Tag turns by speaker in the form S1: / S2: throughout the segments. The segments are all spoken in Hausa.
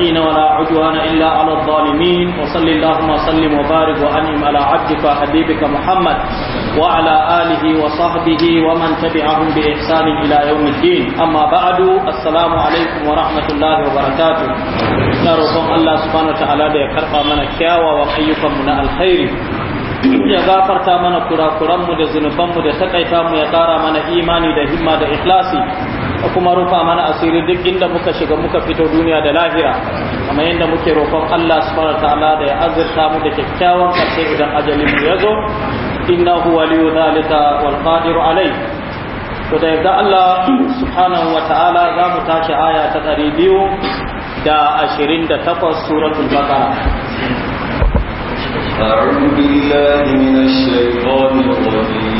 S1: المتقين ولا عدوان إلا على الظالمين وصل اللهم وسلم وبارك وأنعم على عبدك وحبيبك محمد وعلى آله وصحبه ومن تبعهم بإحسان إلى يوم الدين أما بعد السلام عليكم ورحمة الله وبركاته نرجو الله سبحانه وتعالى بكرقة من كياوة وحيكم من الخير ya gafarta mana kurakuranmu da zunubanmu da takaita mu ya kara mana imani da himma da ikhlasi kuma rufa mana asiri duk inda muka shiga muka fito duniya da lahira kamar yadda muke roƙon Allah subhanahu ta'ala da ya azurta mu da kyakkyawan karshe idan ajalin mu ya zo innahu waliyu dhalika wal qadiru alai to da yadda Allah subhanahu wa ta'ala za mu tashi aya ta 228 suratul baqara
S2: أعوذ بالله من الشيطان الرجيم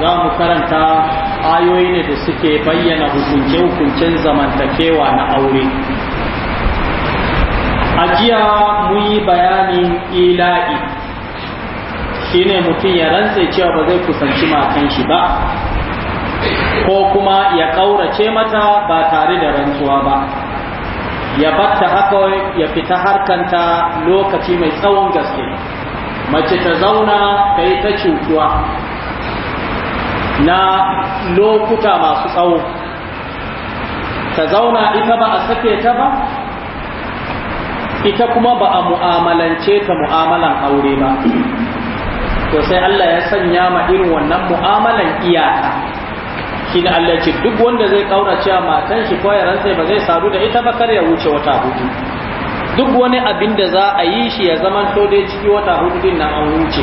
S1: za mu karanta ayoyi ne da suke bayyana hukunce-hukuncen zamantakewa na aure a jiya mun yi bayanin ila'i shine mutum ya rantse cewa ba zai kusanci matan shi ba ko kuma ya ƙaurace mata ba tare da rantsuwa ba ya batta haka ya fita harkanta lokaci mai tsawon gaske mace ta zauna ta ta cutuwa na lokuta masu tsawo ta zauna ita ba a sake ta ba ita kuma ba a mu'amalance ta mu'amalan aure ba to sai Allah ya sanya ma irin wannan mu'amalan iyaka shi da Allah ce duk wanda zai kaura cewa matan shi yaran sai ba zai sadu da ita ba kar ya wuce wata hudu duk wani abin da za a yi shi ya zaman to dai ciki wata hudu din nan an wuce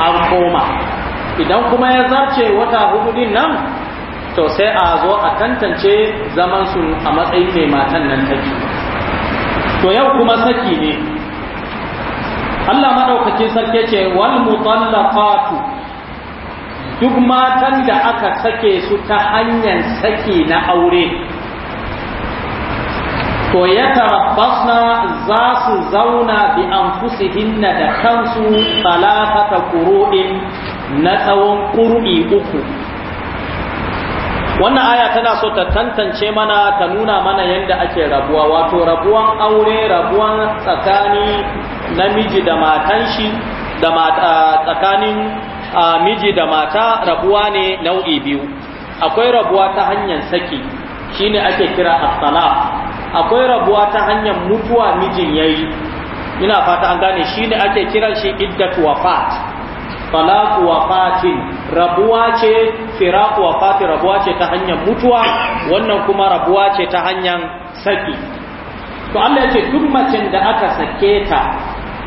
S1: an koma idan kuma ya zarce wata hudu nan to sai a zo a tantance zaman su a matsayin mai matan nan take to yau kuma saki ne Allah madaukakin sarki ce wal mutallaqatu duk matan da aka sake su ta hanyar saki na aure to ya tarabbasna za su zauna bi anfusihinna da kansu talafata kuru'in na tsawon ƙur'i uku wannan aya tana so ta tantance mana ta nuna mana yadda ake rabuwa wato rabuwan aure rabuwan tsakanin namiji da matan shi da tsakanin miji da mata rabuwa ne nau'i biyu akwai rabuwa ta hanyar saki shine ake kira asala akwai rabuwa ta hanyar mutuwa mijin yayi ina fata an gane shine ake kiran shi iddat wafat talaq fatin rabuwa ce firaq fati rabuwa ce ta hanyar mutuwa wannan kuma rabuwa ce ta hanyar saki to Allah ya ce duk macen da aka sake ta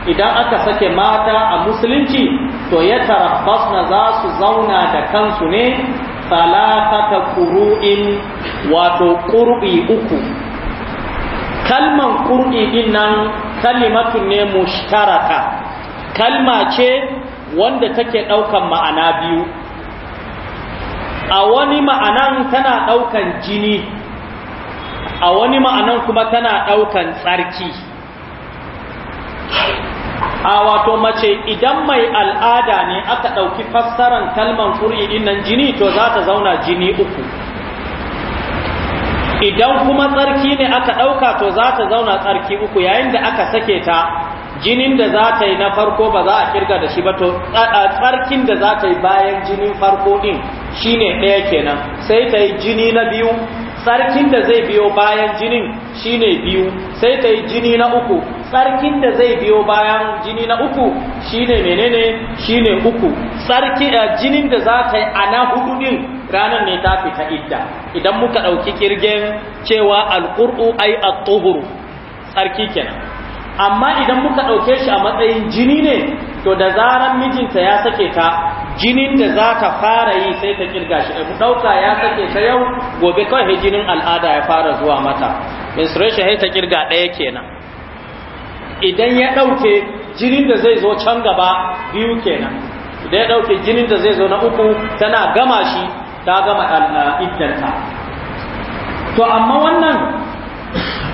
S1: idan aka sake mata a musulunci to ya na za su zauna da kansu ne talakata kuru'in wato qurbi uku kalman qurbi din nan kalimatu ne mushtaraka kalma ce wanda take ɗaukan ma'ana biyu a wani ma'anan tana ɗaukan jini a wani ma'anan kuma tana ɗaukan tsarki a wato mace idan mai al'ada ne aka ɗauki fassaran kalman ƙuri'in nan jini to za ta zauna jini uku idan kuma tsarki ne aka ɗauka to za ta zauna tsarki uku yayin da aka sake ta jinin da za ta yi na farko ba za a kirga da shi ba to tsarkin da za ta yi bayan jinin farko din shine ɗaya kenan sai ta yi jini na biyu tsarkin da zai biyo bayan jinin shine biyu sai ta yi jini na uku tsarkin da zai biyo bayan jini na uku shine menene shine uku tsarki eh, jinin da za ta yi a na hudu din ranar ne ta fita idda idan muka ɗauki kirgen cewa alƙur'u ai at tuhur tsarki kenan amma idan muka ɗauke shi a matsayin jini ne to da zaran mijinta ya sake ta jinin da za ta fara yi sai ta kirga shi ku ɗauka ya sake ta yau gobe kawai jinin al'ada ya fara zuwa mata menstruation sai ta kirga ɗaya kenan idan ya ɗauke jinin da zai zo can gaba biyu kenan idan ya ɗauke jinin da zai zo na uku tana gama shi ta gama ah, ah, iddanta to amma wannan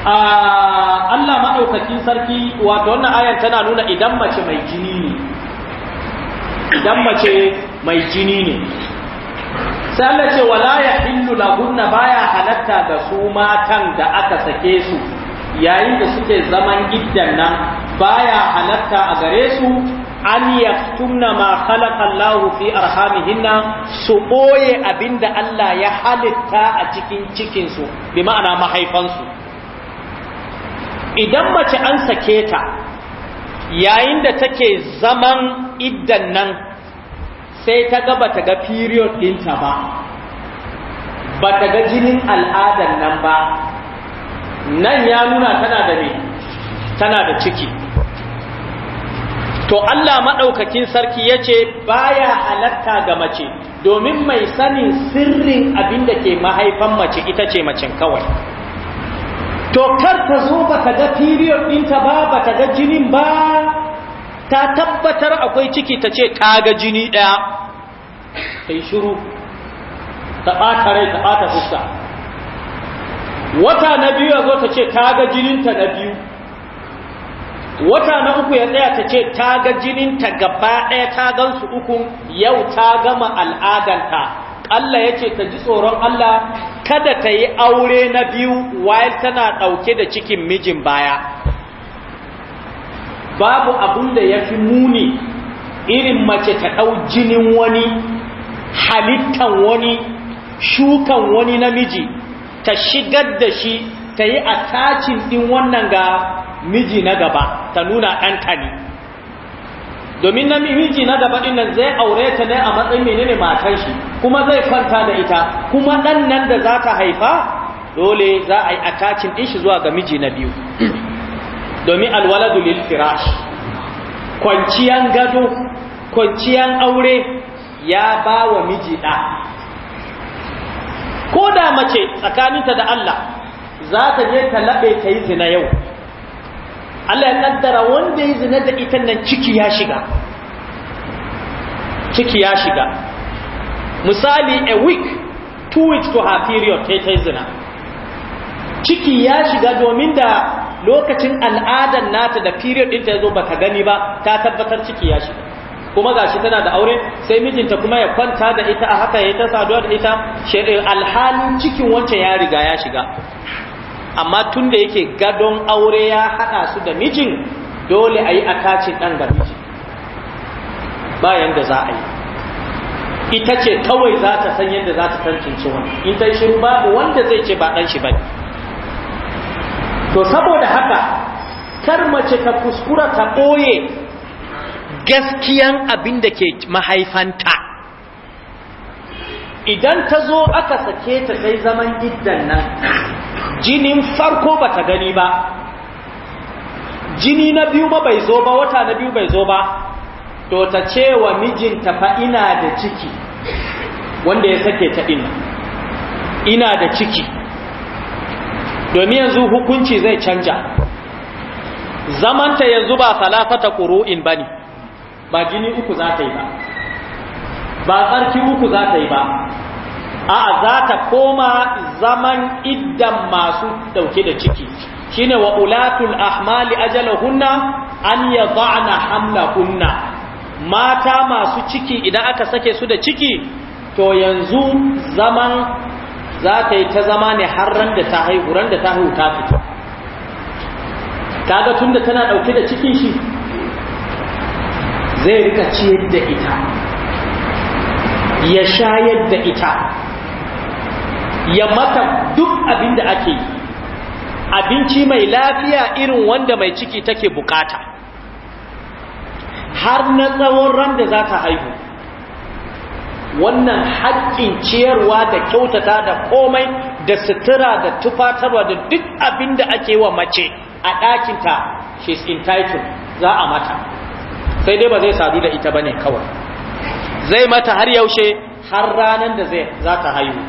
S1: Allah maɗaukakin sarki wato wannan ayar tana nuna idan mace mai jini ne idan mace mai jini ne sai Allah ce wala ya hillu lahunna baya halatta ga su matan da aka sake su yayin da suke zaman iddan nan baya halatta a gare su an yaktumna ma khalaqa Allah fi arhamihinna su boye abinda Allah ya halitta a cikin cikin su bi ma'ana mahaifansu idan mace an sake ta yayin da take zaman iddan nan sai ta ga ta ga period ɗinta ba ba ta ga jinin al'adan nan ba nan ya nuna tana da ne tana da ciki to Allah maɗaukakin sarki ya ce baya halatta ga mace domin mai sanin sirrin abin da ke mahaifan mace ita ce macen kawai to kar ta zo ba ta ga period ɗinta ba ba ta ga jinin ba ta tabbatar akwai ciki ta ce ta ga jini ɗaya ta yi shiru ta ɓata rai ta ɓata fuska wata na biyu ya zo ta ce ta ga jininta na biyu wata na uku ya tsaya ta ce ta ga jininta gaba ɗaya ta gansu uku yau ta gama al'adanta Allah ya ce ta ji tsoron Allah kada ta yi aure na biyu wayar tana ɗauke da cikin mijin baya babu abin da ya fi muni irin mace ta ɗau jinin wani halittan wani shukan wani namiji ta shigar da shi ta yi a tacin ɗin wannan ga miji na gaba ta nuna ɗanta ne domin namiji na gaba din nan zai aure ta ne a matsayin menene matan shi kuma zai kwanta da ita kuma ɗan nan da za ta haifa dole za a yi attacin din shi zuwa ga miji na biyu domin alwaladu lil firash kwanciyan gado kwanciyan aure ya ba wa miji da ko da mace tsakaninta da Allah za ta je ta laɓe ta yi zina yau Allah ya kaddara wanda ya zina da ita nan ciki ya shiga ciki ya shiga misali a week two weeks to her period ta ta zina ciki ya shiga domin da lokacin al'adar nata da period ɗinta ya zo ba ta gani ba ta tabbatar ciki ya shiga kuma gashi tana da aure sai mijinta kuma ya kwanta da ita a haka ya ta saduwa da ita eh, alhalin cikin wancan ya riga ya shiga amma tun da yake gadon aure ya haɗa su da mijin dole a yi a attacin ɗan ga mijin bayan da za a yi ita ce kawai za ta san yadda za ta tantance wani in ta shiru babu wanda zai ce ba ɗan shi ba to saboda haka kar mace ta kuskura ta ɓoye gaskiyan abin da ke mahaifanta idan ta zo aka sake ta sai zaman iddan nan jinin farko bata gani ba jini na biyu ma bai zo ba wata na biyu bai zo ba to ta ce wa mijinta fa ina da ciki wanda ya sake ta ina ina da ciki domin yanzu hukunci zai canja zamanta yanzu ba salafata ƙuru'in ba ne ba jini uku za ta yi ba ba tsarki uku za ta yi ba a'a za ta koma zaman iddan masu dauke da ciki shine wa ulatul ahmali ajalahunna an yadhana hamlahunna mata masu ciki idan aka sake su da ciki to yanzu zaman za ta yi ta zama ne har ran da ta haihu ran da ta haihu ta fito kaga tunda tana dauke da cikin shi zai rika ciyar da ita ya shayar da ita ya mata duk abin da ake yi abinci mai lafiya irin wanda mai ciki take bukata har na tsawon ran da za ta haihu wannan haƙƙin ciyarwa da kyautata da komai da sutura da tufatarwa da duk abin da ake wa mace a ɗakinta she's entitled za a mata sai dai ba zai sadu da ita ba ne kawai zai mata har yaushe har ranar da zai za ta haihu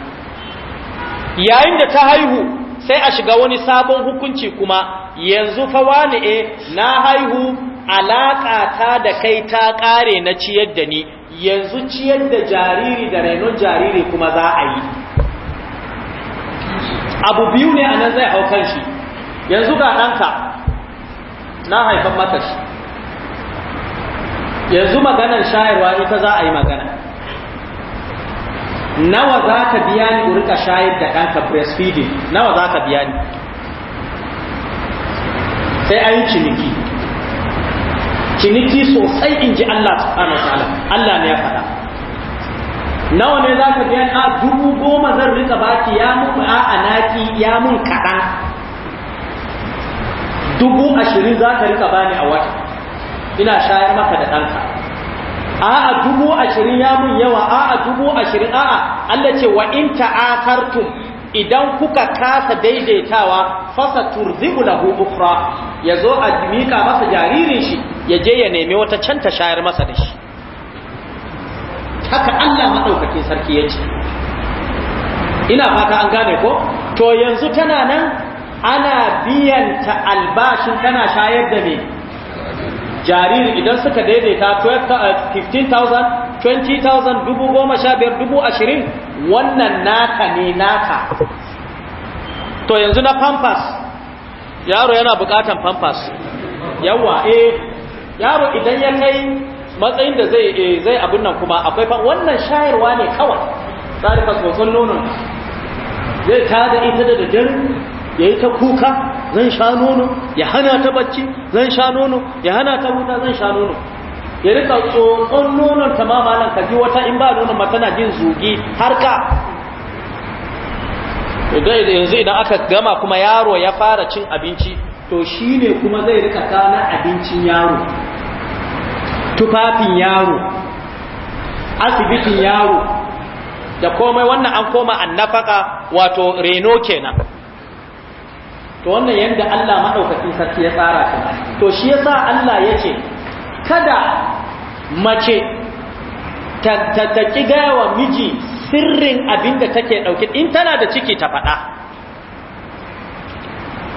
S1: yayin da ta haihu sai a shiga wani sabon hukunci kuma yanzu fa wani e eh, na haihu alaƙata ta da kai ta ƙare na ciyar da ni yanzu ciyar da jariri da rainon jariri kuma za a yi abu biyu ne a nan zai hau kan shi yanzu ga ɗanka na haifan maka shi
S3: yanzu maganar shayarwa
S1: ita za a yi magana
S3: nawa za
S1: ka biya ni rika shayar da ɗanka breastfeeding nawa za ka biya ni sai an yi ciniki ciniki sosai in ji Allah subhanahu ta'ala Allah ne ya faɗa nawa ne za ka biya ni? a dubu goma zan rika baki ya mun a anaki ya mun kaɗan dubu ashirin za ka rika bani a wata ina shayar maka da ɗanka a'a dubu ashirin ya mun yawa a'a dubu ashirin a'a Allah ce wa in ta'akartum idan kuka kasa daidaitawa fasa turzi'u lahu ukra yazo a mika masa jaririn shi ya je ya nemi wata can ta shayar masa da shi haka Allah madaukakin sarki ya ce ina fata an gane ko to yanzu tana nan ana biyan ta albashin tana shayar da me jariri idan suka daidaita 15,000 20,000 eh, dubu goma sha biyar dubu ashirin wannan naka ne naka to yanzu na pampas yaro yana bukatan pampas yawa eh yaro idan ya kai matsayin da zai eh, zai abin nan kuma akwai wannan shayarwa ne kawai tsari fasfafon nono zai ta tada ita da daddare ya yi ta kuka zan sha nono ya hana ta bacci zan sha nono ya hana ta wuta, zan sha nono ya rika tsohon nonon ta mamalan ka ji wata in ba nonon ma tana jin zugi har ka yanzu idan aka gama kuma yaro ya fara cin abinci to shi ne kuma zai rika kana abincin yaro tufafin yaro asibitin yaro da komai wannan an koma annafaka wato reno kenan to wannan yadda Allah maɗaukacin sarki ya tsara ta to shi yasa Allah ya ce kada mace ta ki gaya wa miji sirrin abin da take ɗauke in tana da ciki ta faɗa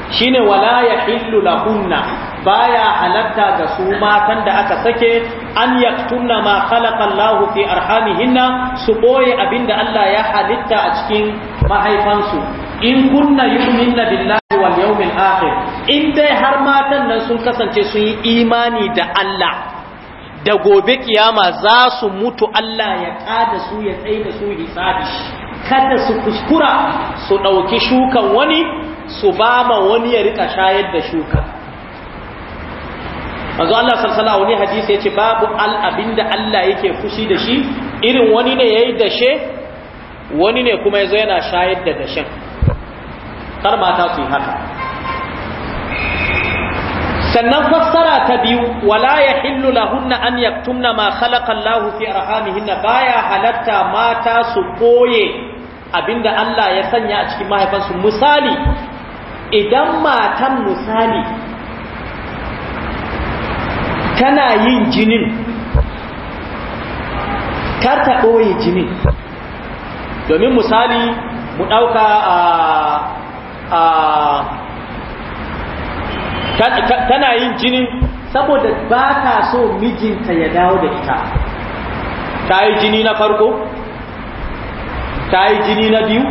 S1: shine wala ya hillu lahunna baya halatta ga su matan da aka sake an yaktunna ma khalaqa Allahu fi arhamihinna su ɓoye abin da Allah ya halitta a cikin mahaifansu in kunna yu'minna billahi wal yawmil akhir in dai har matan nan sun kasance sun yi imani da Allah da gobe kiyama za su mutu Allah ya kada su ya tsaye da su hisabi kada su kuskura su dauki shukan wani su ba ma wani ya rika shayar da shukan manzo Allah sallallahu alaihi wasallam hadisi yace babu al abinda Allah yake fushi da shi irin wani ne yayi dashe wani ne kuma yazo yana shayar da dashen kar mata su yi haka sannan fassara ta biyu wala ya hillu lahunna an yaktumna ma fi arhamihinna baya halatta mata su koye abinda Allah ya sanya a cikin mahaifansu misali idan matan misali tana yin jinin kar ta ɓoye jinin domin misali mu ɗauka a ah, tana yin jini saboda ba ta so mijinta ya dawo da ita ta yi jini na farko ta yi jini na biyu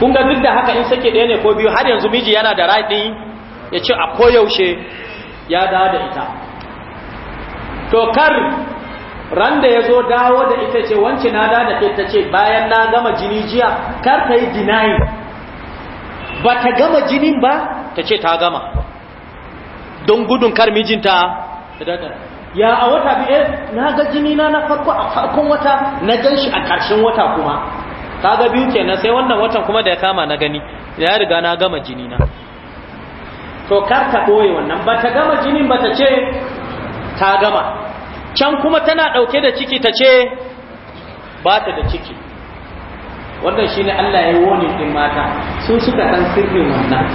S1: kun ga duk da haka in sake ɗaya ne ko biyu har yanzu miji yana da raɗi ya ce a koyaushe ya dawo da ita to kar ran da ya zo dawo da ita ce wance na da da ita ce bayan na gama jini jiya kar ka yi dinayin ba ta gama jinin ba ta ce ta gama don gudun kar mijinta ya a wata biye eh, na ga jini na na farko a farkon wata na gan shi a ƙarshen wata kuma ta ga biyu kenan sai wannan watan kuma da ya kama na gani ya riga na gama jini na to kar ta ɓoye wannan ba ta gama jinin ba ta ce ta gama can kuma tana ɗauke da ciki ta ce ba ta da ciki wannan shine Allah ya yi wani din mata su suka san sirrin wannan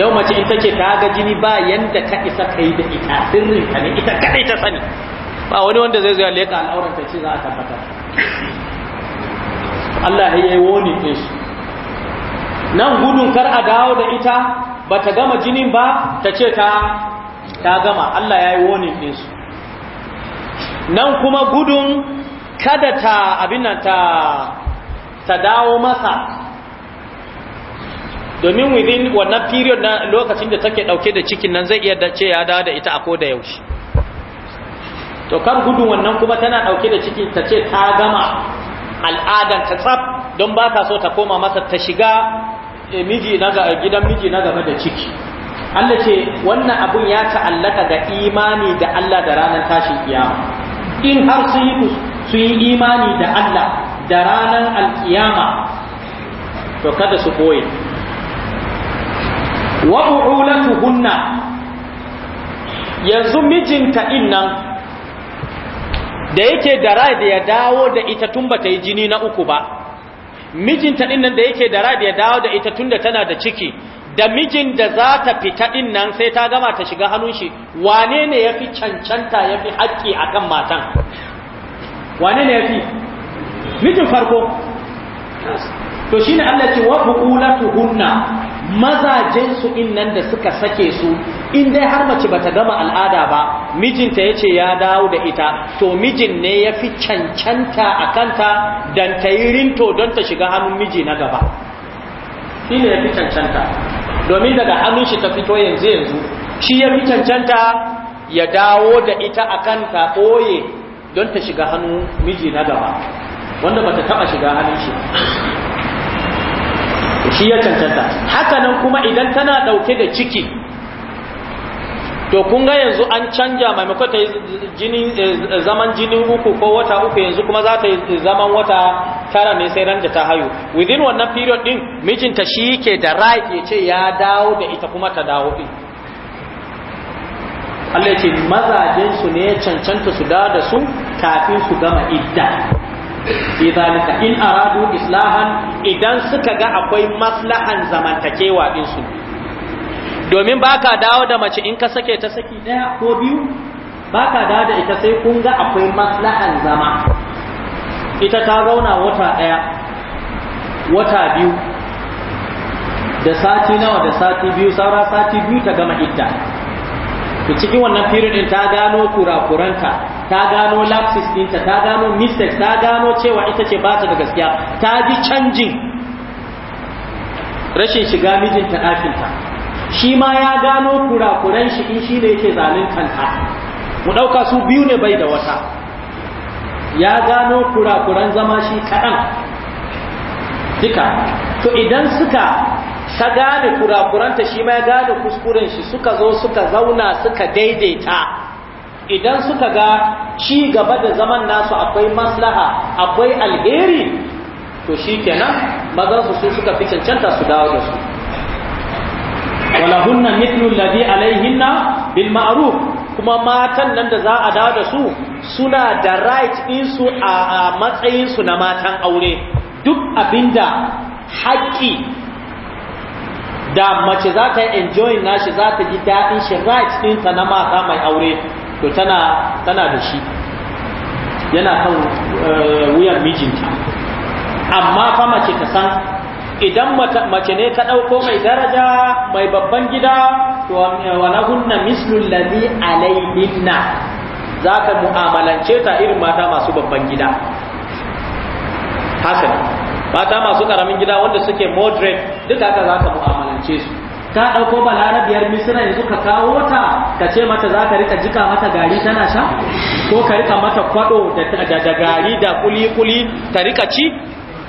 S1: yau mace in take ta ga jini ba yanda ka isa kai da ita sirrin ka ne ita kadai ta sani ba wani wanda zai zo ya leka al'auran ta ce za a tabbatar Allah ya yi wani din su nan gudun kar a dawo da ita ba ta gama jinin ba ta ce ta ta gama Allah ya yi wani din su nan kuma gudun kada ta abin nan ta dawo masa domin within wannan period na lokacin da take dauke da cikin nan zai iya dace ya dawo da ita a koda yaushe to kan gudun wannan kuma tana dauke da cikin ta ce ta gama al'adan ta tsaf don ba ta so ta koma masa ta shiga eh, miji gidan miji na game da ciki Allah ce wannan abun ya ta'allaka ga imani da Allah da ranar tashin kiyama in har sun yi sun yi imani da Allah da ranar alkiyama to kada su koyi wa hunna yanzu mijinta innan da yake da rai da ya dawo da ita tun ba ta yi jini na uku ba mijinta innan da yake da rai da ya dawo da ita tun tana da ciki da mijin da za ta fita innan sai ta gama ta shiga hannun shi wane ne ya fi cancanta ya fi haƙƙi a matan wane ne ya fi mijin farko to shi ne Allah ce wa bu'ulatu hunna mazajen su innan da suka sake su in dai har mace bata gama al'ada ba mijinta yace ya dawo da ita to mijin ne ya fi cancanta a kanta dan ta yi rinto don ta shiga hannun miji na gaba shi ne ya fi cancanta domin daga hannun shi ta fito yanzu yanzu shi ya fi cancanta ya dawo da ita a kanta ɓoye don ta shiga hannu miji na gaba wanda bata taba shiga hannun shi shi ya cancanta haka nan kuma idan tana dauke da ciki to kun ga yanzu an canja maimakon ta jini eh, zaman jinin uku ko wata uku yanzu kuma za ta yi zaman wata tara ne sai ran ta hayu within wannan period din mijinta shi ke da right ya ce ya dawo da ita kuma ta dawo din Allah ya ce mazajen su ne cancanta su da da su kafin su gama idda fi zalika in aradu islahan idan suka ga akwai maslahan zamantakewa din su domin baka dawo da mace in ka sake ta saki daya ko biyu baka dawo da ita sai kun ga akwai maslahan zama ita ta zauna wata daya wata biyu da sati nawa da sati biyu saura sati biyu ta gama idda to cikin wannan period din ta gano kurakuranta ta gano lapses ɗinta ta gano mistakes ta gano cewa ita ce ba ta da gaskiya ta ji canjin rashin shiga mijinta ɗakinta shi ma ya gano kurakuran shi in shi ne yake kanta mu ɗauka su biyu ne bai da wata ya gano kurakuran zama shi kaɗan duka to idan suka ta gane kurakuranta shi ma ya gane kuskuren shi suka zo suka zauna suka daidaita idan suka ga ci gaba da zaman nasu akwai maslaha akwai alheri to shi kenan maza su su suka fi cancanta su dawo da su walahunna mithlu alladhi alaihinna bil ma'ruf kuma matan nan da za a dawo da su suna da right in su a matsayin su na matan aure duk abinda haƙƙi da mace za ta yi enjoying nashi za ta ji daɗin shi rights ɗinta na mata mai aure to tana tana da shi yana kan eh, wuyan mijinta amma fa mace ta san idan mace ne ta ɗauko mai daraja mai babban gida to wala hunna mislu ladhi alayhinna za ka mu'amalance ta irin mata masu babban gida haka mata masu karamin gida wanda suke moderate duk haka za ka mu'amalance su ka ɗauko balarabiyar misira yanzu ka kawo ta ka ce mata za ka rika jika mata gari tana sha ko ka rika mata kwado da gari da kuli-kuli ta rika ci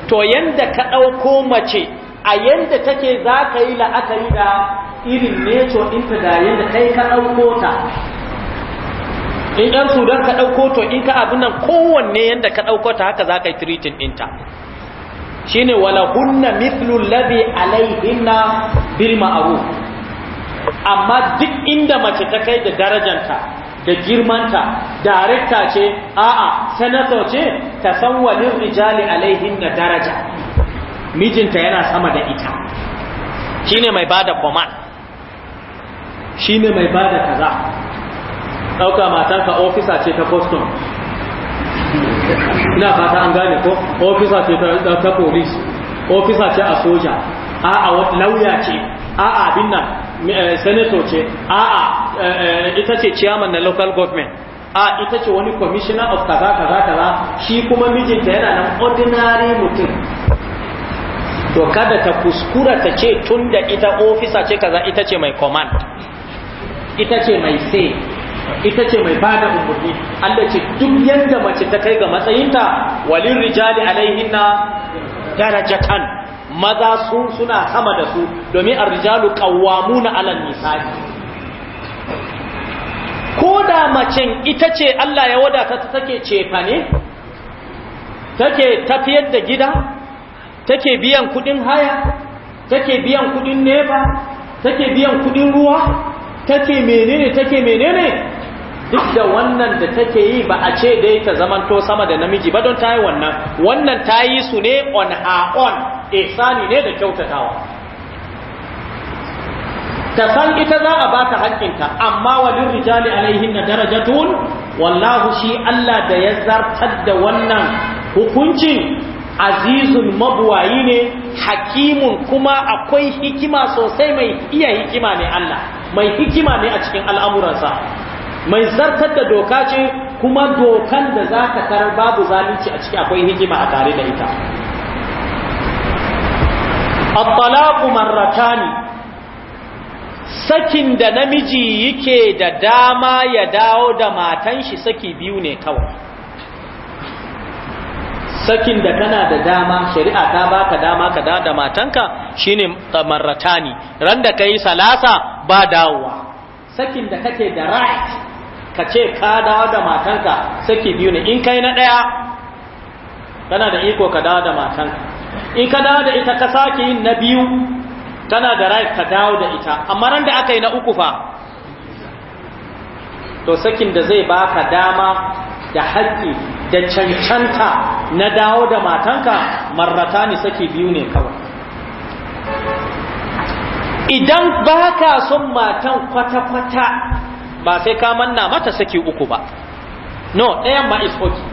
S1: to yanda ka ɗauko mace a yanda take za ka yi la'akari da irin neto ɗinta da yanda kai ka ɗauko ta in ‘yan sudan ka ɗauko to in ka abin nan kowanne yanda ka ɗauko ta haka za ka yi tiritin ɗinta shine wala kunna mithlu alladhi alaihinna bil ma'ruf amma duk inda mace ta kai da darajanta da girmanta darekta ce a'a sanato ce ta san walin rijali alaihinna daraja mijinta yana sama da ita shine mai bada command shine mai bada kaza dauka matanka ofisa ce ta custom ina fata an gane ko ofisa ce ta police ofisa ce a soja a'a lauya ce a'a abin nan eh, senator ce a'a eh, ita ce chairman na local government a ita ce wani commissioner of kaza kaza kaza shi kuma mijinta yana nan ordinary mutum to kada ta kuskura ta ce tunda ita ofisa ce kaza ita ce mai command ita ce mai say ita ce mai ba da umarni Allah ce duk yadda mace ta kai ga matsayinta walin rijali alaihinna darajatan maza su suna sama da su domin a rijalu arrijalu na alal nisani. ko da mace ita ce Allah ya wadata ta take cefane take tafiyar da gida take biyan kudin haya take biyan kudin nefa take biyan kudin ruwa take menene take menene duk da wannan da take yi ba a ce dai ta zamanto sama da namiji ba don tayi wannan wannan tayi su ne on on own Sani ne da kyautatawa ta san ita za a bata haƙƙinta amma walin rijali alaihin na darajatun wallahu shi Allah da ya zartar da wannan hukuncin azizun mabuwayi ne hakimun kuma akwai hikima sosai mai iya hikima ne Allah mai hikima ne a cikin al'amuransa mai zartar da doka ce kuma dokan da za ka tarar babu zalunci a ciki akwai hikima a tare da ita at marratani sakin da namiji yake da dama ya dawo da matan shi saki biyu ne kawai sakin da kana da dama shari'a ta baka dama ka dawo da matanka shine marratani, randa da yi salasa ba dawowa sakin da kake da right ka ce ka dawo da matanka saki biyu ne in kai na ɗaya kana da iko ka dawo da matanka in ka dawo da ita ka sake yin na biyu kana da rai ka dawo da ita amma ran da aka yi na uku fa to sakin da zai baka dama da haƙƙi da cancanta na dawo da matanka marrata ne saki biyu ne kawai idan baka son matan kwata-kwata ba sai ka manna mata saki uku ba no ɗayan ma is okay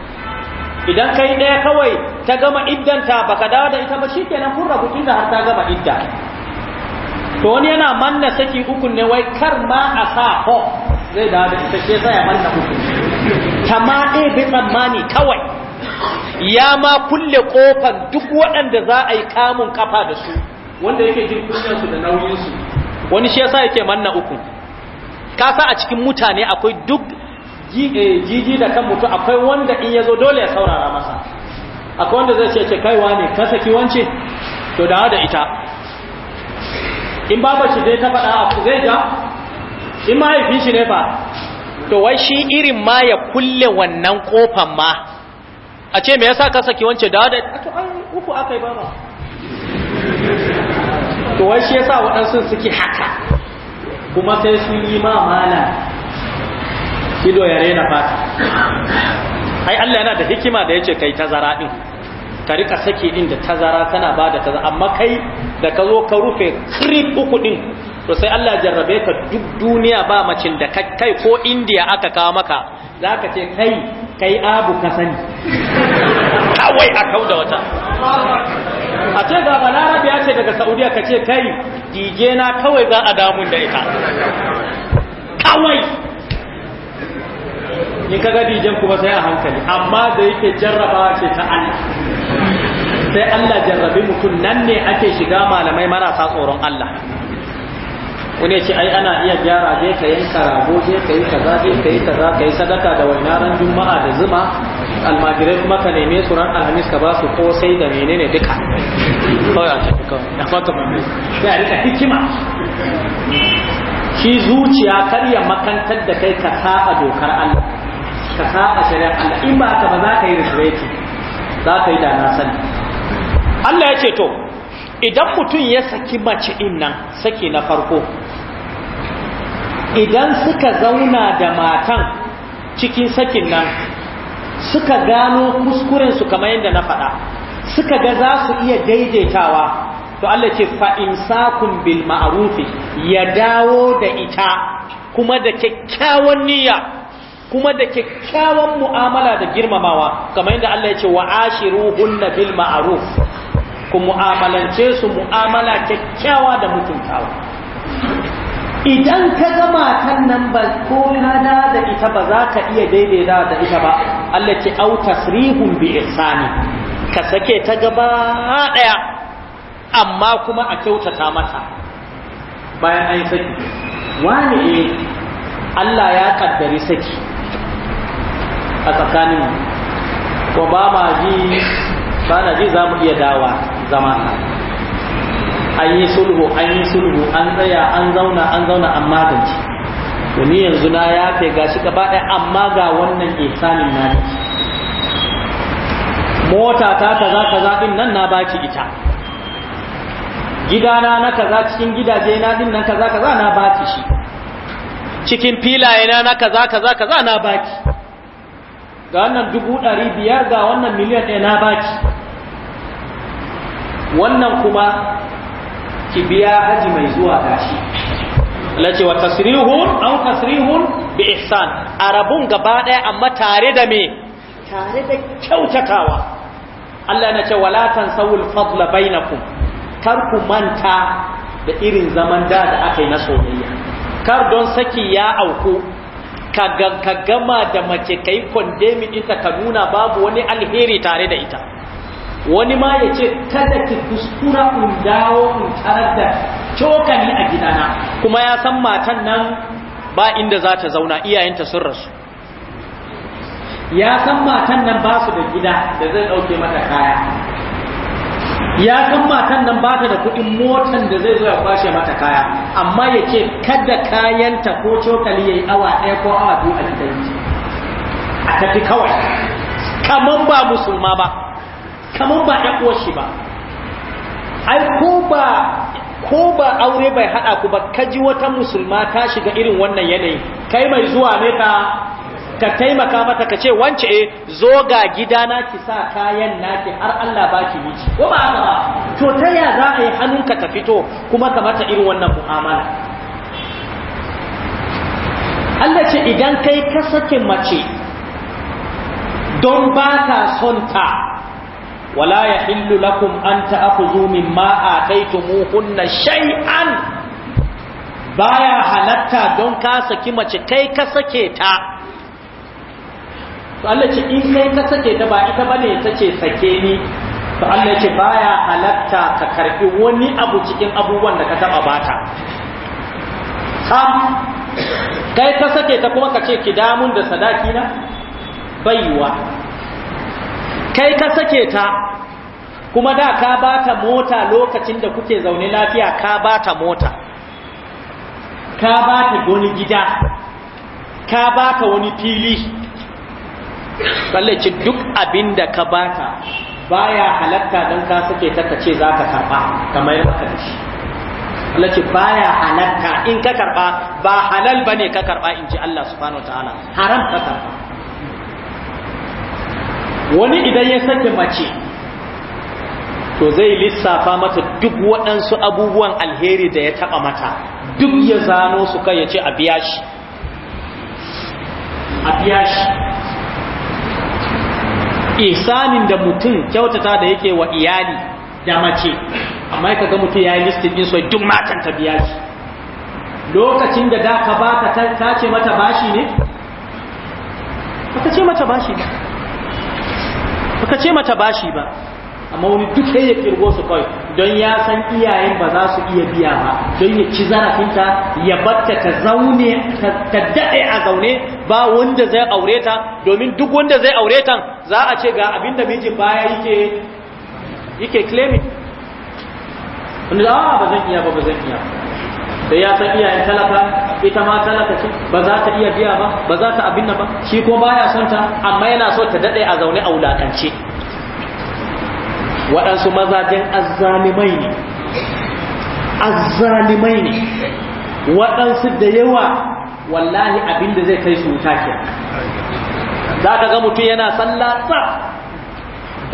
S1: idan kai ɗaya kawai ta gama iddanta baka dawo da ita ba shikenan kun rabu tunda har ta gama idda to wani yana manna saki uku ne wai kar ma a sa ho zai dawo da ita shi sai ya manna uku ta ma ɗaya bi tsammani kawai ya ma kulle kofar duk waɗanda za a yi kamun kafa da su wanda yake jin kunyarsu da nauyinsu wani shi yasa yake manna uku ka sa a cikin mutane akwai duk eh, jiji da kan mutu akwai wanda in ya zo dole ya saurara masa akwai wanda zai ce ce kaiwa ne ka saki wance to dawo da ita in babar shi zai ta faɗa a zai ja in mahaifin shi ne fa to wai shi irin ma ya kulle wannan kofan ma a ce me yasa ka saki wance dawo da ita to an uku aka yi baba to wai shi yasa waɗansu suke haka kuma sai sun yi ma mana ido ya rena fata ai Allah yana da hikima da yace kai tazara din ka rika saki din da tazara kana ba da tazara amma kai da ka zo ka rufe kirif uku din to sai Allah jarrabe ka duk duniya ba macin da kai ko indiya aka kawo maka za ka ce kai kai abu ka sani kawai a kau da wata a ce ga balarabi ya ce daga saudiya ka ce kai dije na kawai za a damun da ita kawai in ka ga dijen kuma sai a hankali amma da yake jarrabawa ce ta Allah sai Allah jarrabi mutum nan ne ake shiga malamai marasa tsoron Allah wani ce ai ana iya gyara je ka yanka rago je ka yi kaza je ka yi kaza ka yi sadaka da waina ran juma'a da zuma almajirai kuma ka neme su ran alhamis ka ba su ko sai da menene duka kawai a cikin kawai da fata mai sai a rika hikima shi zuciya kar ya makantar da kai ka saba dokar Allah ka saba shari'ar Allah in ba ka ba za ka yi risreti za ka yi da na sani Allah ya ce to idan mutum ya saki mace in nan saki na farko idan suka zauna da matan cikin sakin nan suka gano kuskurensu kamar yadda na faɗa suka ga za su iya daidaitawa to Allah ce sakun bil ma'arufi ya dawo da ita kuma da kyakkyawan niyya kuma da kyakkyawan mu'amala da girmamawa kamar yadda Allah ya ce wa ashiruhunna bil ma'ruf ku mu'amalance su mu'amala kyakkyawa da mutuntawa idan ka ga matan nan ba ko hana da ita ba za ka iya daidaita da ita ba Allah ce au tasrihun bi ihsani ka sake ta gaba daya amma kuma a kyautata mata bayan an saki wani ne eh, Allah ya kaddari saki a tsakanin ko ba ma ji ba na ji za mu iya dawa zama an yi sulhu an yi sulhu an tsaya an zauna an zauna an magance to ni yanzu na ya ga gashi gaba ɗaya amma ga wannan ihsanin na ne mota ta kaza kaza din nan na baki ita gidana na kaza cikin gidaje na din nan kaza kaza na baki shi cikin filaye na na kaza kaza kaza na baki ga wannan dubu ɗari biyar ga wannan miliyan ɗaya na baki wannan kuma ki biya haji mai zuwa dashi. Allah ce wa tasrihun aw tasrihun bi ihsan arabun gaba daya amma tare da me tare da kyautatawa Allah na ce wala tansawul fadla bainakum kar ku manta da irin zaman da da aka yi na soyayya kar don saki ya auku ka gama da mace kai kondemi ita ka nuna babu wani alheri tare da ita wani ma ya ce kada ki kuskura in dawo in tarar da cokali a gidana kuma ya san matan nan ba inda za ta zauna iyayenta sun rasu ya san matan nan ba su da gida da zai ɗauke mata kaya ya san matan nan ba ta da kuɗin motan da zai zo ya kwashe mata kaya amma ya ce kada kayanta ko cokali ya yi awa ɗaya ko awa biyu a gidan a tafi kawai kamar ba musulma ba kamar ba ɗan uwar shi ba ai ko ba ko ba aure bai haɗa ku ba ka ji wata musulma ta shiga irin wannan yanayi kai mai zuwa ne ka ka taimaka mata ka ce wance e zo ga gida na ki sa kayan naki har Allah ba ki miji ko ba haka ba to ta ya za a yi hannunka ta fito kuma ka mata irin wannan mu'amala Allah ce idan kai ka sake mace don ba ka son ta wala yahillu lakum an ta'khudhu mimma ataytumuhunna Ba ya halatta don kasa saki mace kai ka sake ta to Allah ce in kai ka sake ta ba ita bane ta ce sake ni to Allah ce baya halatta ka karfi wani abu cikin abubuwan da ka taba bata kai ka sake ta kuma ka ce ki damun da sadaki na baiwa kai ka sake ta kuma da ka ba ta mota lokacin da kuke zaune lafiya ka ba ta mota ka ba ta goni gida ka ba ta wani fili ballaci duk abin da ka ta baya halatta don ka sake ta kace za ka karba kamar yadda da shi ballaci baya halatta in ka karba ba halal bane ka karba in ji Allah subhanahu wa ta'ala haram ka karba wani idan ya sake mace to zai lissafa mata duk waɗansu abubuwan alheri da ya taɓa mata duk ya zano su kai ya ce a biya shi a biya shi isanin da mutum kyautata da yake wa iyali da mace amma ya ga mutum ya yi listin ɗin so duk matan ta biya shi lokacin da da ka ba ta ce mata bashi ne ba ta ce mata bashi ne baka ce mata bashi ba amma wani duk sai ya kirgo su kai don ya san iyayen ba za su iya biya ba don ya ci zarafinta ya batta ta zaune ta daɗe a zaune ba wanda zai aure ta domin duk wanda zai aure ta za a ce ga abinda miji baya yake yake claiming wanda a ah, ba zan iya ba ba zan iya da ya san iyayen talaka ita ma talaka ce ba za ta iya biya ba ba za ta abin ba shi ko baya son ta amma yana so ta dade a zaune a wulakance waɗansu mazajen azzalimai ne azzalimai ne waɗansu da yawa wallahi abin da zai kai su wuta ke za ka ga mutum yana sallah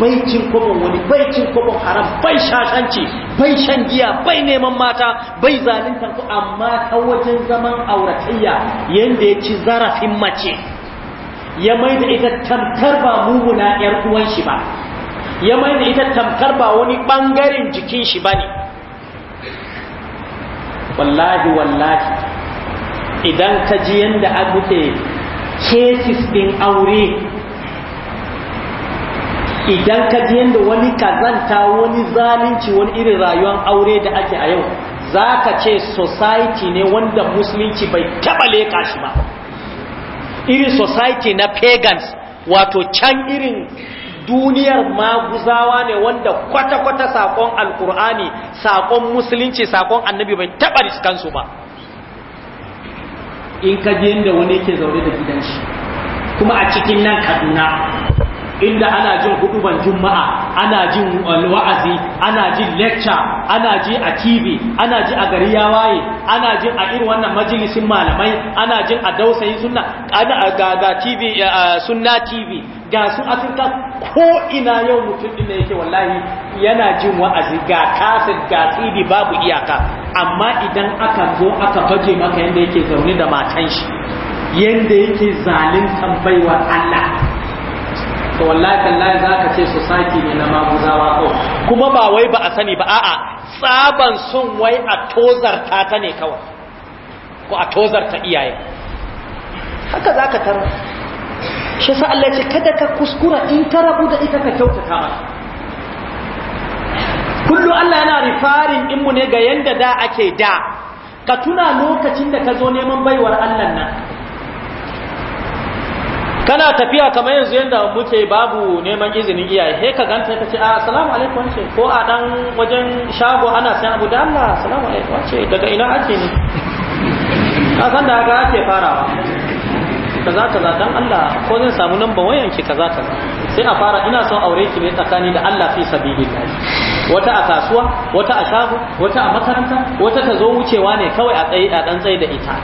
S1: bai cin wani bai cin kwabon haram bai shashanci bai shan giya bai neman mata bai zalunta su amma ta wajen zaman auratayya yanda ya ci zarafin mace ya mai da ita tamkar ba muguna yar uwan shi ba ya mai da ita tamkar ba wani bangaren jikin shi bane wallahi wallahi idan ka ji yanda abuke cases din aure idan ka ji yadda wani kazanta wani zalunci wani irin rayuwar aure da ake a yau za ka ce society ne wanda musulunci bai taba leka shi ba irin society na pagans wato can irin duniyar maguzawa ne wanda kwata-kwata sakon alkur'ani sakon musulunci sakon annabi bai taɓa riskansu ba in ka ji yadda wani yake zaune da gidan shi kuma a cikin nan kaduna inda ana jin huduban juma'a ana jin eh, wa'azi ana jin lecture ana ji a tv ana ji a gari ya waye ana jin a irin wannan majalisin malamai ana jin a dausayin sunna ana ga ga tv eh, eh, sunna tv ga su afirka ko ina yau mutum din yake wallahi yana jin wa'azi ga kaset ga tv babu iyaka amma idan aka zo aka faje maka yanda yake zaune da matan shi yanda yake zaluntan baiwa Allah to wallahi tallahi zaka ce society ne na maguzawa ko kuma ba wai ba a sani ba a'a tsaban sun wai a tozarta ta ne kawai ko a tozarta iyaye haka zaka tara shi sa Allah ce kada ka kuskura in ta rabu da ita ka kyautata ba kullu Allah yana rifarin in mu ne ga yanda da ake da ka tuna lokacin da ka zo neman baiwar Allah nan kana tafiya kamar yanzu yadda muke babu neman izinin iyaye he ka ganta ta ce a ah, salamu alaikum ce ko a dan wajen shago ana sayan abu da Allah salamu alaikum ce daga ina ake ne A san da ga ake farawa kaza kaza dan Allah ko zan samu lambar wayan ki kaza kaza sai a fara ina son aure ki ne tsakani da Allah fi sabilillah wata a kasuwa wata a shago wata a makaranta wata ta zo wucewa ne kawai a tsaye a dan tsaye da ita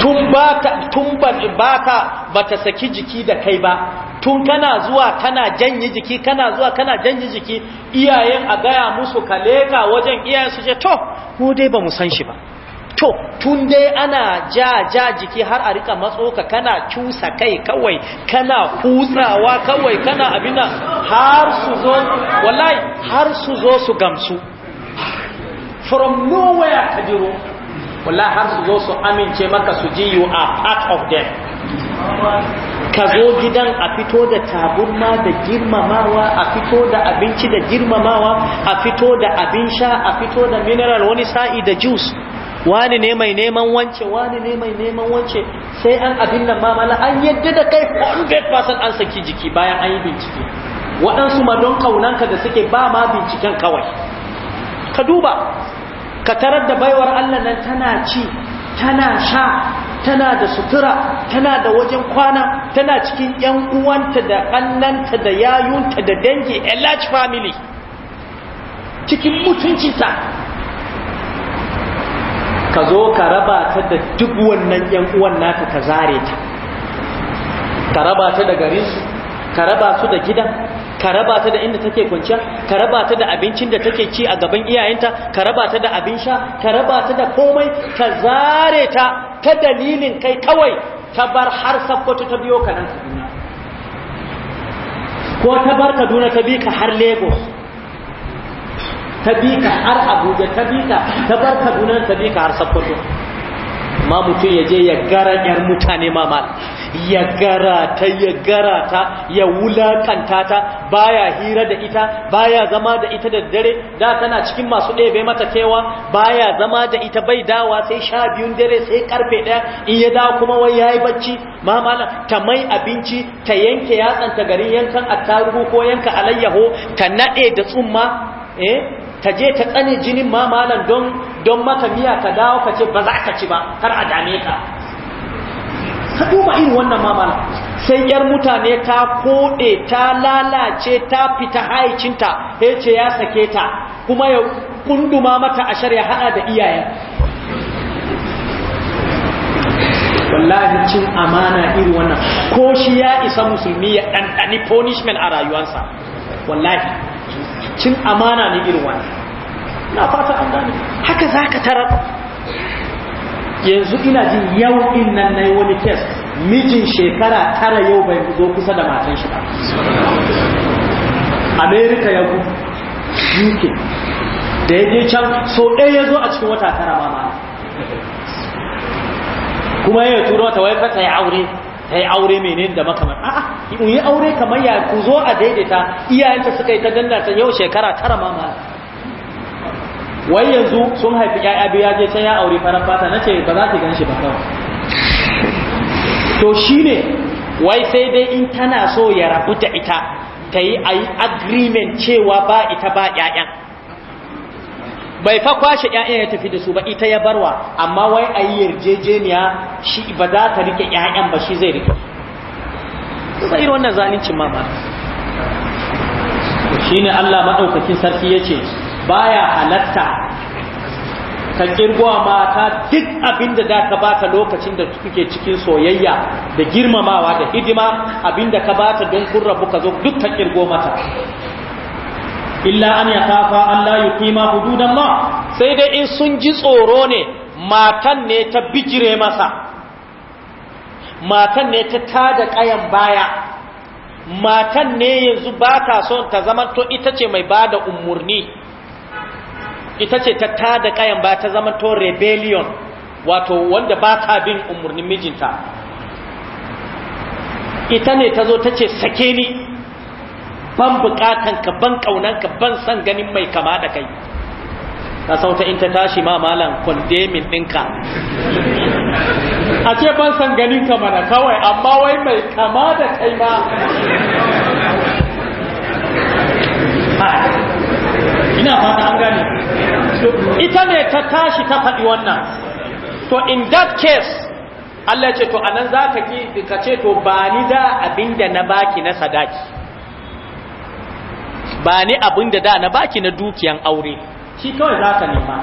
S1: tun baka tun baka bata saki jiki da kai ba tun kana zuwa kana janye jiki kana zuwa kana janye jiki iyayen a gaya musu kaleka wajen iyayen su je to mu dai ba mu san shi ba to tun dai ana ja ja jiki har a rika matsoka kana cusa kai kawai kana kutsawa kawai kana abina har su zo wallahi har su zo su gamsu from nowhere kadiro wallahi har su zo su amince maka su ji you are part of them ka zo gidan a fito da taburma da girmamawa a fito da abinci da girmamawa a fito da abin sha a fito da mineral wani sa'i da juice wani ne mai neman wance wani ne mai neman wance sai an abin nan mamala an yadda da kai 100% an saki jiki bayan an yi bincike waɗansu ma don kaunanka da suke ba ma binciken kawai ka duba ka tarar da baiwar Allah nan tana ci tana sha tana da sutura tana da wajen kwana tana cikin yan uwanta da annanta da yayunta da dangi a large family cikin mutuncinta ka zo ka raba ta da duk wannan yan uwan naka ka zare ta ka raba ta da garinsu ka raba su da gidan ka raba ta da inda take kwanciya ka raba ta da abincin da take ci a gaban iyayenta ka raba ta da abin sha ka raba ta da komai ka zare ta ta dalilin kai kawai ta bar har sakkwato ta biyo ka nan ko ta bar kaduna ta bi ka har lagos ta bi ka har abuja ta bi ka ta bar kaduna ta bi ka har sakkwato ma mutum ya je ya gara yar mutane ma ya gara ta ya gara ta ya wulakanta ta baya hira da ita baya zama da ita da dare da tana cikin masu ɗebe mata kewa baya zama da ita bai dawa sai sha biyun dare sai karfe ɗaya in ya dawo kuma wai ya yi bacci ma ta mai abinci ta yanke yatsanta garin yankan attarugu ko yanka alayyaho ta naɗe da tsumma eh ta je ta tsane jinin ma malam don don maka miya ka dawo ka ce ba za ka ci ba kar a dame ka ka duba irin wannan ma malam sai yar mutane ta kode ta lalace ta fita haicinta ya ce ya sake ta kuma ya kunduma mata a shari'a hada da iyayen wallahi cin amana irin wannan ko shi ya isa musulmi ya ɗanɗani punishment a rayuwarsa wallahi cin amana ne irin wani na fata an gane haka za ka tara. yanzu ina jin yau in nan na yi wani kes mijin shekara tara yau bai zo kusa da matan shi ba amerika ya gudu uk da ya je can so ɗaya ya zo a cikin wata tara ma kuma ya turo ta wai fata ya aure ta yi aure menene da makamar a'a in yi aure kamar ya ku zo a daidaita iyayenta suka yi ta danna ta yau shekara tara ma wai yanzu sun haifi 'ya'ya biyu ya je can ya aure farar fata na ce ba za ta gan shi ba kawai to shi ne wai sai dai in tana so ya rabu da ita ta yi agreement cewa ba ita ba 'ya'yan. bai fa kwashe ƴaƴan ya tafi da su ba ita ya barwa amma wai ayi yarjejeniya shi ba za ta rike ƴaƴan ba shi zai rike su sai wannan zalincin ma ba ne Allah madaukakin sarki yace baya halatta ka girgowa mata duk abinda da ka bata lokacin da kuke cikin soyayya da girmamawa da hidima abinda ka bata don kun ka zo duk ka ƙirgo mata illa an kafa Allah ya kima hududan ma. sai dai in sun ji tsoro ne matan ne ta bijire masa matan ne ta tada kayan baya matan ne yanzu ba ta son ta zama ita ce mai bada umarni, ita ce ta tada kayan baya ta zama to rebellion wato wanda ba ta bin umarnin mijinta ita ne ta zo ta ce sake ni ban bukatan ka ban kaunan ka ban san ganin mai kama da kai ka sauta in ta tashi ma malam kondemin ɗinka a ce ban san ganin ka mana kawai amma wai mai kama da kai ma ina fata an gane ita ne ta tashi ta faɗi wannan to in that case Allah ce to anan za ka ce to ba ni da abinda na baki na sadaki ba ni abin da da na baki na dukiyan aure shi kawai za ka nema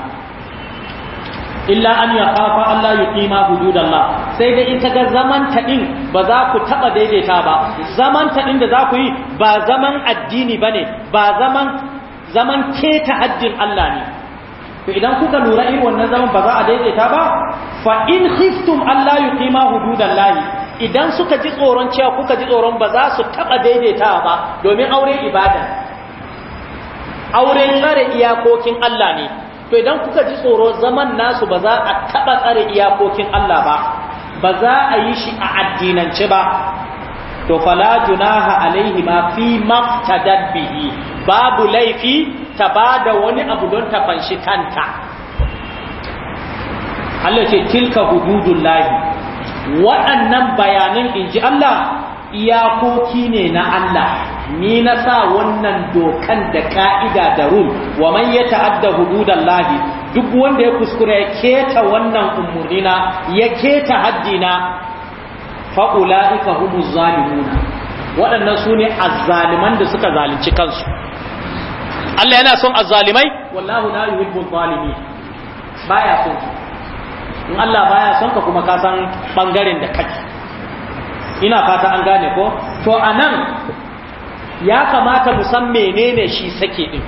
S1: illa an ya kafa Allah ya kima hududallah sai dai in kaga zaman taɗin ba za ku taɓa daidaita ba zaman ɗin da za ku yi ba zaman addini ba ne ba zaman zaman keta addin Allah ne to idan kuka lura irin wannan zaman ba za a daidaita ba fa in khiftum Allah ya kima hududallahi idan suka ji tsoron cewa kuka ji tsoron ba za su taɓa daidaita ba domin aure ibada auren tsare iyakokin Allah ne to idan kuka ji tsoro zaman nasu ba za a taɓa tsare iyakokin Allah ba ba za a yi shi a addinance ba to fala junaha alaihi ma fi maftadat bihi babu laifi ta ba da wani abu don ta fanshi kanta Allah ce tilka hududullahi waɗannan bayanan inji Allah iyakoki ne na Allah ni na sa wannan dokan da ka'ida da rule wa man ya ta'adda hududallahi duk wanda ya kuskura ya keta wannan umurnina ya keta haddina fa ulaika humuz zalimuna waɗannan ne azzaliman da suka zalunci kansu Allah yana son azzalimai wallahu la yuhibbu zalimin baya son in Allah baya son ka kuma ka san bangaren da kake ina fata an gane ko to anan ya kamata mu san menene shi sake din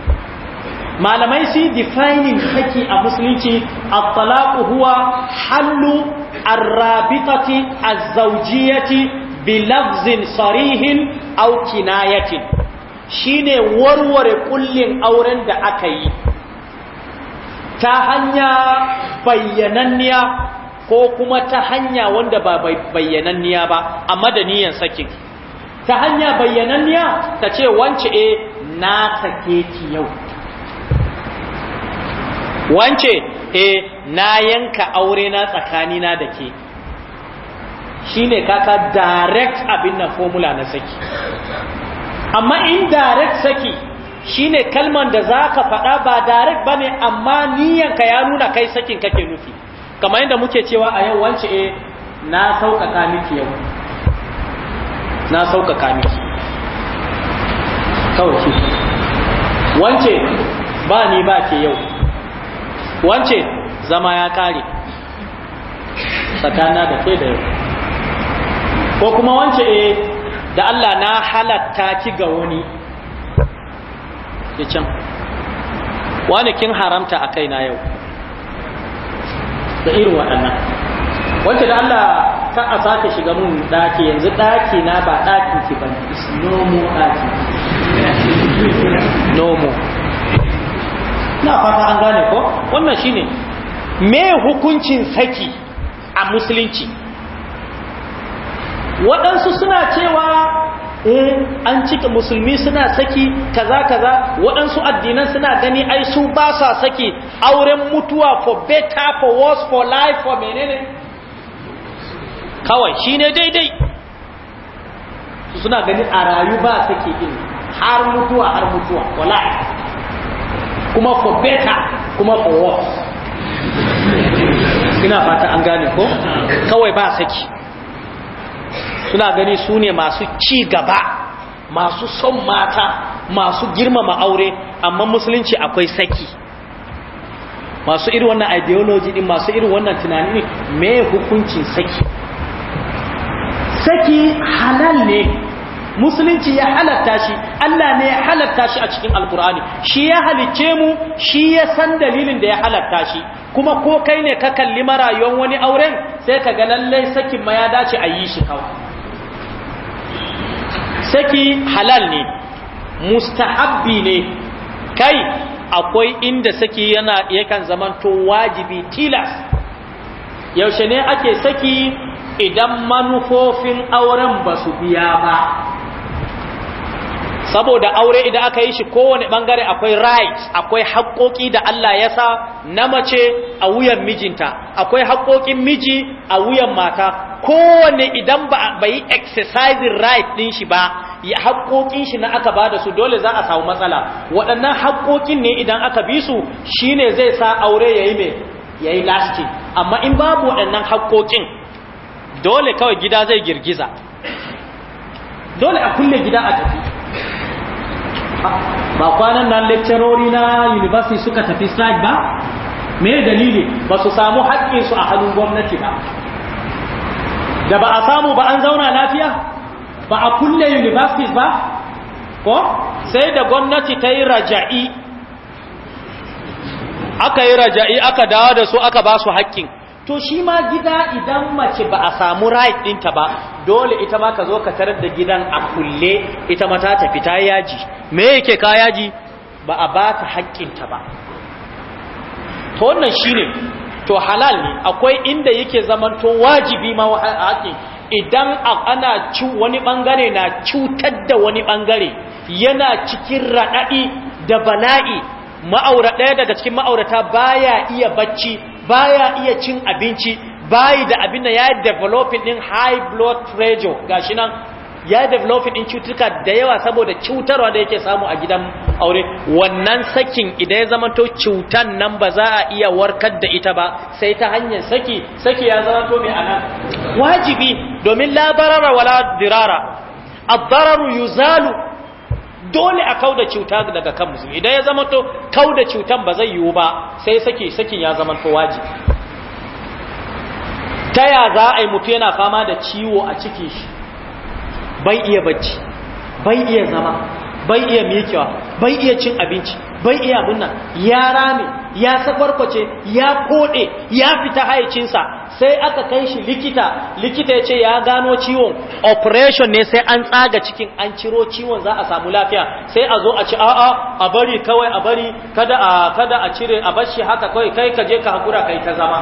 S1: malamai su defining saki a musulunci at-talaqu huwa hallu ar-rabitati az-zawjiyati bi lafzin sarihin aw kinayatin shine warware kullin auren da aka yi ta hanya bayyananniya ko kuma ta hanya wanda ba bayyananniya ba a madaniyan sakin ta hanya bayyananniya ta ce wance e na sake ki yau wance e na yanka aure na tsakanina da ke shine kaka direct abin na formula na saki amma indirect saki shine kalman da za ka faɗa ba direct bane amma niyanka ya nuna kai sakin kake nufi kamar yadda muke cewa a yau wance e na sauƙaƙa miki yau na sauƙaƙa miki kawai wance ba ni ba ke yau wance zama ya kare. tsakana da ke da yau ko kuma wance e da Allah na halatta ki ga wani ya can wani kin haramta a kaina yau da irin waɗannan wacce da Allah ka a sake shiga mun daki yanzu daki na ba daki ki ba daki no nomo na fata an gane ko wannan shine me hukuncin saki a musulunci waɗansu suna cewa eh, an cika musulmi suna saki kaza kaza waɗansu addinan suna gani ai su ba sa saki auren mutuwa for better for worse for life for menene kawai shi ne daidai suna ganin a rayu ba sake in har mutuwa har mutuwa wala kuma for better kuma for worse ina fata an gane ko kawai ba saki suna gani su ne masu ci gaba masu son mata masu girmama aure amma musulunci akwai saki masu irin wannan ideology din masu irin wannan tunanin me hukuncin saki saki halal ne musulunci ya halatta shi Allah ne ya halatta shi a cikin alkur'ani shi ya halicce mu shi ya san dalilin da ya halatta shi kuma ko kai ne ka kalli marayuwan wani auren sai ka ga lallai sakin ma ya dace a yi shi kawai saki halal ne mustahabbi ne kai akwai inda saki yana yakan zamanto wajibi tilas yaushe ne ake saki idan manufofin auren ba su biya ba saboda aure idan aka yi shi kowane bangare akwai rights akwai haƙoƙi da Allah ya sa na mace a wuyan mijinta akwai haƙoƙin miji a wuyan mata kowane idan ba yi exercising right din shi ba ya haƙoƙin shi na aka ba da su dole za a samu matsala waɗannan haƙoƙin ne idan aka bi su shi ne zai sa aure ya yi mai ya yi lasting amma in babu waɗannan haƙoƙin dole kawai gida zai girgiza dole a kulle gida a tafi ba kwanan nan lecturori na university suka tafi strike ba me dalili ba su samu haƙƙinsu a hannun gwamnati ba da ba a samu ba an zauna lafiya ba a kulle universities ba ko sai da gwamnati ta yi raja'i aka yi raja'i aka dawo da su aka ba su haƙƙin to shi ma gida idan mace ba a samu right dinta ba dole ita ma ka zo ka tarar da gidan a kulle ita ma ta tafi ta yaji me yake ka yaji ba a ba ta haƙƙinta ba to wannan shi to halal ne akwai inda yake to wajibi ma haƙƙi idan ana wani bangare na cutar da wani bangare yana cikin raɗaɗi da bala'i ma'aura ɗaya daga cikin ma'aurata baya iya bacci baya iya cin abinci bayi da abin da ya developing din high blood pressure gashi nan ya developing din cutuka da yawa saboda cutarwa da yake samu a gidan aure wannan sakin idan ya to cutan nan ba za a iya warkar da ita ba sai ta hanyar saki saki ya to mai anan wajibi domin la barara wala dirara ad-dararu yuzalu dole a kauda cuta daga kan musulmi idan ya zama to kauda cutan ba zai yiwu ba sai saki sakin ya zama to wajibi ta ya za a yi mutu yana fama da ciwo a cikin shi bai iya bacci bai iya zama bai iya mikewa bai iya cin abinci bai iya abin ya rame ya sakwarkwace ya kode ya fita haicinsa sai aka kai shi likita likita ya ce ya gano ciwon operation ne sai an tsaga cikin an ciro ciwon za a samu lafiya sai a zo a ci a'a a bari kawai a bari kada a kada a cire a bashi haka kawai kai ka je ka hakura kai ta zama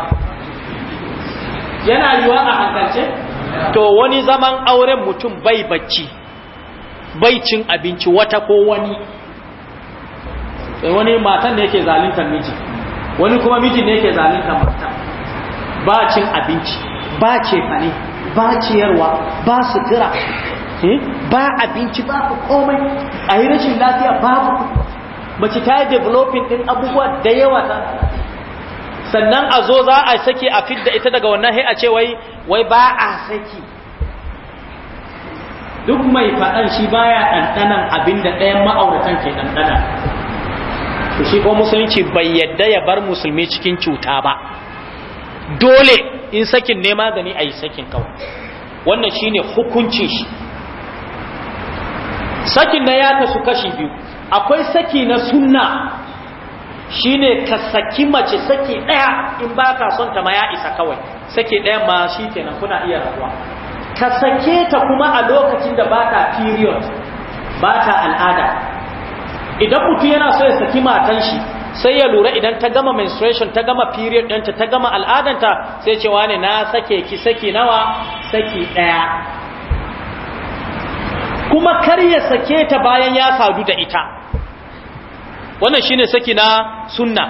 S1: yana yiwa a hankalce to wani zaman auren mutum bai bacci bai cin abinci wata ko wani eh, wani matan ne yake zaluntar miji wani kuma miji ne yake zaluntar mata ba cin abinci ba cefane ba ciyarwa ba sutura eh, ba abinci ba komai a yi rashin lafiya babu mace ta yi developing din abubuwa da yawa ta sannan a zo za a sake a fidda ita daga wannan hai a ce wai wai ba a saki duk mai faɗan shi baya ɗanɗanan abin da ɗayan ma'auratan ke ɗanɗana to shi ko musulunci bai yadda ya bar musulmi cikin cuta ba dole in sakin ne magani a yi sakin kawai wannan shi ne hukuncin shi sakin na ya kasu kashi biyu akwai saki na sunna Shi ne ka saki mace saki ɗaya in ba ka son ta ma ya isa kawai saki ɗaya ma shi kenan kuna iya rabuwa ka sake ta kuma a lokacin da ba ta period ba ta al'ada idan mutu yana so ya saki matan shi sai ya lura idan ta gama menstruation ta gama period ɗanta ta gama al'adanta sai ce wane na sake ki saki nawa saki ɗaya kuma kar ya sake ta bayan ya sadu da ita wannan shine saki na sunna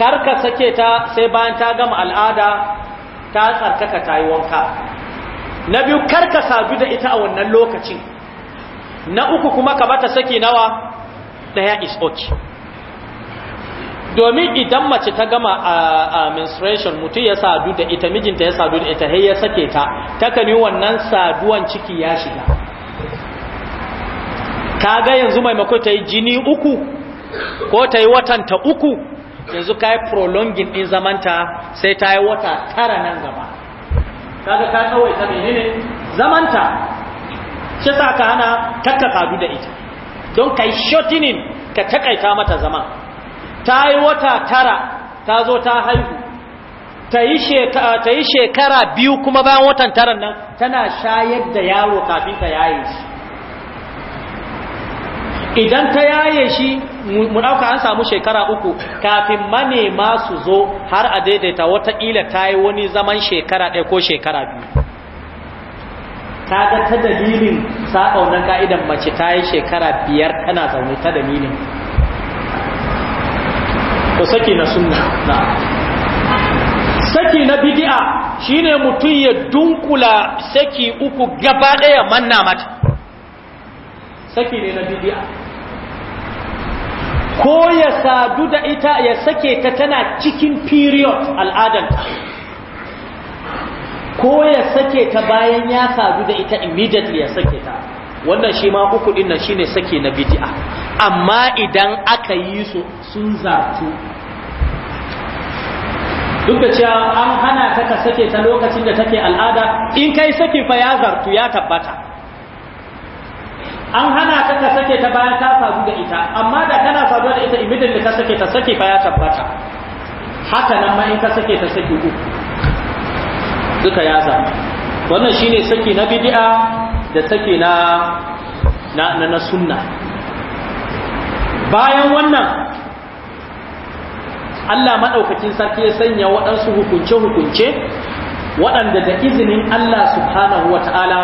S1: kar ka sake ta sai bayan ta gama al'ada ta tsarkaka ta yi wanka na biyu karka sadu da ita a wannan lokacin na uku kuma ka bata saki nawa daya is okay domin idan mace ta gama a menstruation mutum ya sadu da ita mijinta ya sadu da ita har ya sake ta takan yi wannan saduwan ciki ya shiga ka ga yanzu maimako ta yi jini uku ko ta yi ta uku yanzu ka yi prolonging ɗin zamanta sai ta yi wata tara nan gaba kaga ka kawai ta menene zamanta shi sa ka hana takka kadu da ita don kai shotinin ka takaita mata zaman ta yi wata tara ta zo ta haihu ta yi shekara biyu kuma bayan watan taran nan tana shayar da yaro kafin ta yaye shi idan ta yaye shi mu ɗauka an samu shekara uku kafin manema su zo har a daidaita wataƙila ta yi wani zaman shekara ɗaya ko shekara biyu ga ta dalilin saɓa wannan ka'idan mace ta yi shekara biyar tana zaune ta dalilin ko saki na sunna na saki na bidi'a shine mutum ya dunkula saki uku gaba ɗaya manna mata saki ne na bidi'a ko ya sadu da ita ya sake ta tana cikin period al'adanta ko ya sake ta bayan ya sadu da ita immediately ya sake ta wannan shi ma uku dinnan shi shine sake na bid'a amma idan aka yi su sun zartu
S2: duk da cewa an
S1: hana ta ka sake ta lokacin da take al'ada in kai sake fa ya zartu ya tabbata an hana ka ka sake ta bayan ta sadu da ita amma da kana saduwa da ita imidin da ka sake ta sake fa ya tabbata haka nan ma in ka sake ta sake uku duka ya zama. wannan shine saki na bid'a da saki na na na, na sunna bayan wannan Allah maɗaukacin sarki ya sanya waɗansu hukunce-hukunce waɗanda da izinin Allah subhanahu wa ta'ala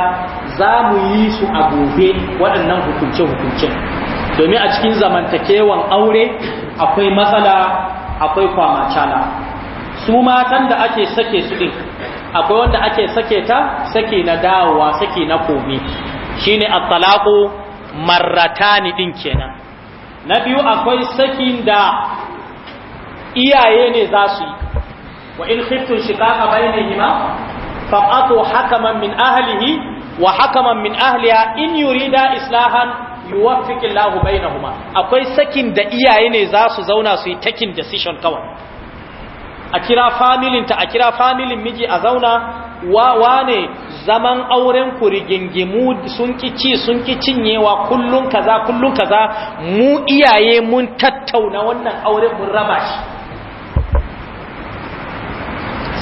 S1: za mu yi su a gobe waɗannan hukunce hukunce domin a cikin zamantakewan aure akwai matsala akwai kwamacana su matan da ake sake su ɗin akwai wanda ake sake ta sake na dawowa sake na komi shine at-talaqu marratani ɗin kenan na biyu akwai sakin da iyaye ne za su yi wa in khiftum shiqaqa bainahuma fa'atu hakaman min ahalihi wa hakaman min ahliya in yurida islahan yuwaffiqu Allahu bainahuma akwai sakin da iyaye ne za su zauna su yi taking decision kawai a kira familin ta a kira familin miji a zauna wa wane zaman auren ku rigingimu sun kici cinyewa kullun kaza kullun kaza mu iyaye mun tattauna wannan auren mun raba shi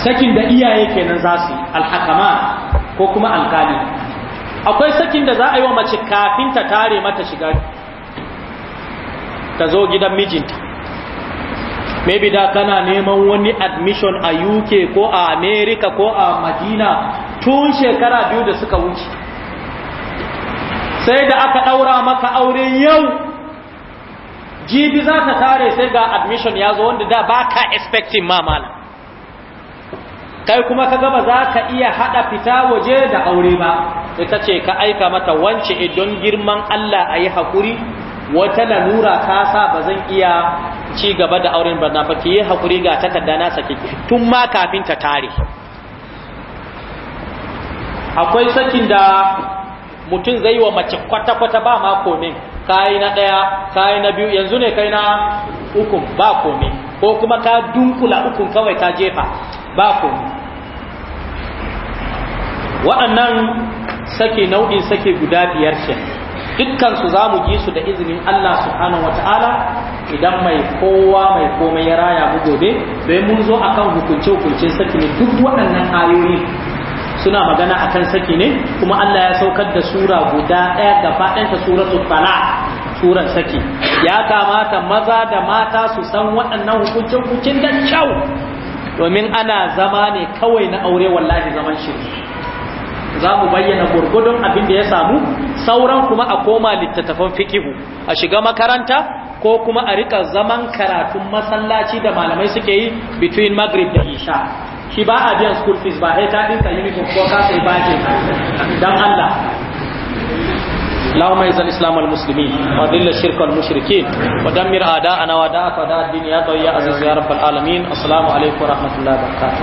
S1: sakin da iyaye kenan za su alhakama ko kuma alkali akwai sakin da za a yi wa mace kafin ta tare mata shiga ta zo gidan mijinta maybe da kana neman wani admission a UK ko a America ko a Madina tun shekara biyu da suka wuce sai da aka daura maka aure yau jibi za ta tare sai ga admission ya zo wanda da baka ka expecting mamala kai kuma ka gaba za ka iya haɗa fita waje da aure ba sai ce ka aika mata wance don girman Allah a yi haƙuri wata lalura ta sa ba zan iya ci gaba da auren ba na fa ki yi haƙuri ga takarda na sake tun ma kafin ta tare akwai sakin da mutum zai wa mace kwata-kwata ba ma komin kayi na ɗaya kayi na biyu yanzu ne kai na ukun ba komai, ko kuma ka dunkula ukun kawai ta jefa ba komi waɗannan sake nau'in sake guda biyar shi dukkansu za mu ji su da izinin Allah subhanahu wata'ala idan mai kowa mai komai ya raya mu gobe bai mun zo a kan hukunce-hukuncen saki ne duk waɗannan ayoyi suna magana a kan saki ne kuma Allah ya saukar da sura guda ɗaya gaba ɗanta suratul talaq suran saki ya kamata maza da mata su san waɗannan hukuncin hukuncin da kyau domin ana zama ne kawai na aure wallahi zaman shiri za mu bayyana gurgudun abin da ya samu sauran kuma a koma littattafan fikihu a shiga makaranta ko kuma a rika zaman karatun masallaci da malamai suke yi between maghrib da isha shi ba a biyan school fees ba sai ta dinka uniform ko ka sai ce dan Allah اللهم اعز الاسلام والمسلمين واذل الشرك والمشركين ودمر اعداءنا واعداءك واعداء الدين يا يا عزيز يا رب العالمين السلام عليكم ورحمه الله وبركاته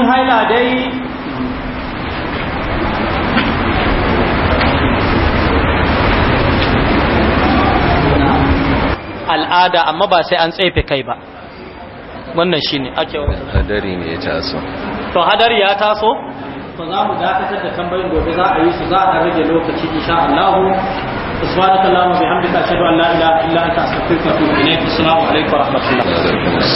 S1: السلام عليكم نعم. al'ada amma ba sai an tsefe kai ba wannan shi ne ake hadari ne ya taso to hadari ya taso to za mu dakatar da tambayin gobe za a yi su za a rage lokaci insha Allah subhanaka allahumma bihamdika ashhadu an la ilaha illa anta astaghfiruka wa atubu ilayk
S3: assalamu alaikum wa rahmatullah